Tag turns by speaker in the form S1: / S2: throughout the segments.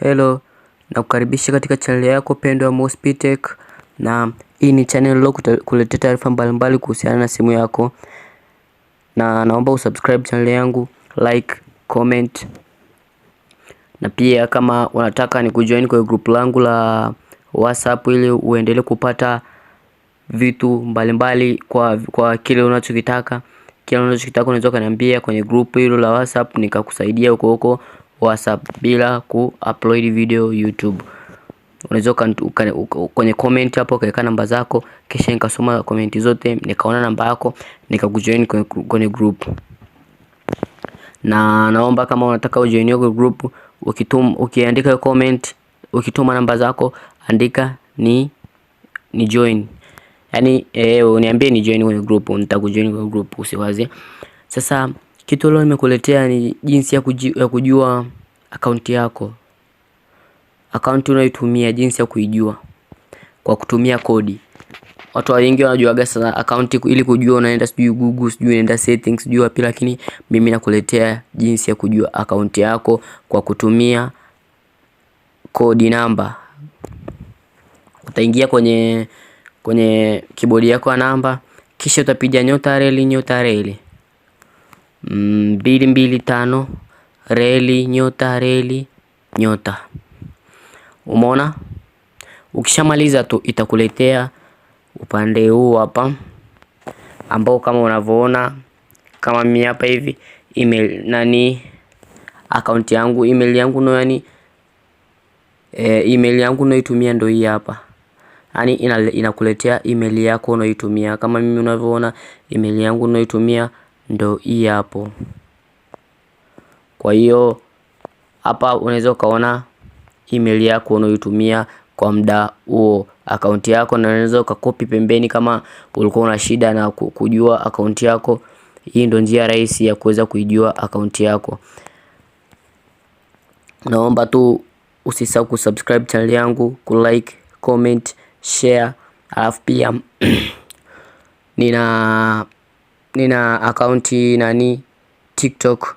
S1: Hello na kukaribisha katika channel yako pendwa Mossp na hii ni channel leo kuletea taarifa mbalimbali kuhusiana na simu yako, na naomba usubscribe channel yangu, like, comment, na pia kama unataka ni kujoin kwa group langu la WhatsApp ili uendelee kupata vitu mbalimbali mbali kwa, kwa kile unachokitaka kile unachokitaka unaweza kuniambia kwenye group hilo la WhatsApp nikakusaidia huko huko. WhatsApp bila ku-upload video YouTube. Unaweza kwenye comment hapo ukaweka namba zako, kisha nikasoma comment zote, nikaona namba yako, nikakujoin kwenye, kwenye group. Na naomba kama unataka ujoin kwa group, ukitum ukiandika comment, ukituma namba zako, andika ni ni join. Yaani eh, uniambie ni join kwenye group, nitakujoin kwenye group, usiwaze. Sasa kitu leo nimekuletea ni jinsi ya, ya kujua Akaunti yako, akaunti unayotumia, jinsi ya kuijua kwa kutumia kodi. Watu wengi wanajuaga sana akaunti, ili kujua unaenda sijui Google, sijui unaenda settings, sijui wapi, lakini mimi nakuletea jinsi ya kujua akaunti yako kwa kutumia kodi namba. Utaingia kwenye kwenye kibodi yako ya namba, kisha utapiga nyota reli nyota reli mm, mbili mbili tano reli nyota reli nyota. Umeona, ukishamaliza tu itakuletea upande huu hapa, ambao kama unavyoona kama mimi hapa hivi email nani akaunti yangu email yangu no yani e, eh, email yangu naitumia ndo hii hapa yani inakuletea ina email yako unaitumia kama mimi unavyoona email yangu naitumia ndo hii hapo. Kwa hiyo hapa unaweza ukaona email yako unaoitumia kwa muda huo akaunti yako, na unaweza ukakopi pembeni kama ulikuwa una shida na kujua akaunti yako. Hii ndio njia rahisi ya kuweza kuijua akaunti yako. Naomba tu usisahau kusubscribe channel yangu, kulike, comment, share. Alafu pia nina nina akaunti nani TikTok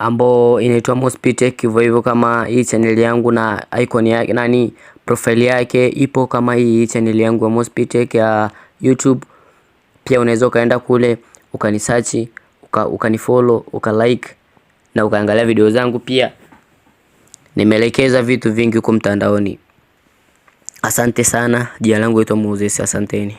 S1: ambao inaitwa Mospitech hivyo hivyo, kama hii channel yangu na icon yake nani profile yake ipo kama hii channel yangu ya Mospitech ya YouTube. Pia unaweza ukaenda kule ukanisearch uka, ukanifollow uka ukalike na ukaangalia video zangu. Pia nimeelekeza vitu vingi huko mtandaoni. Asante sana. Jina langu naitwa Moses, asanteni.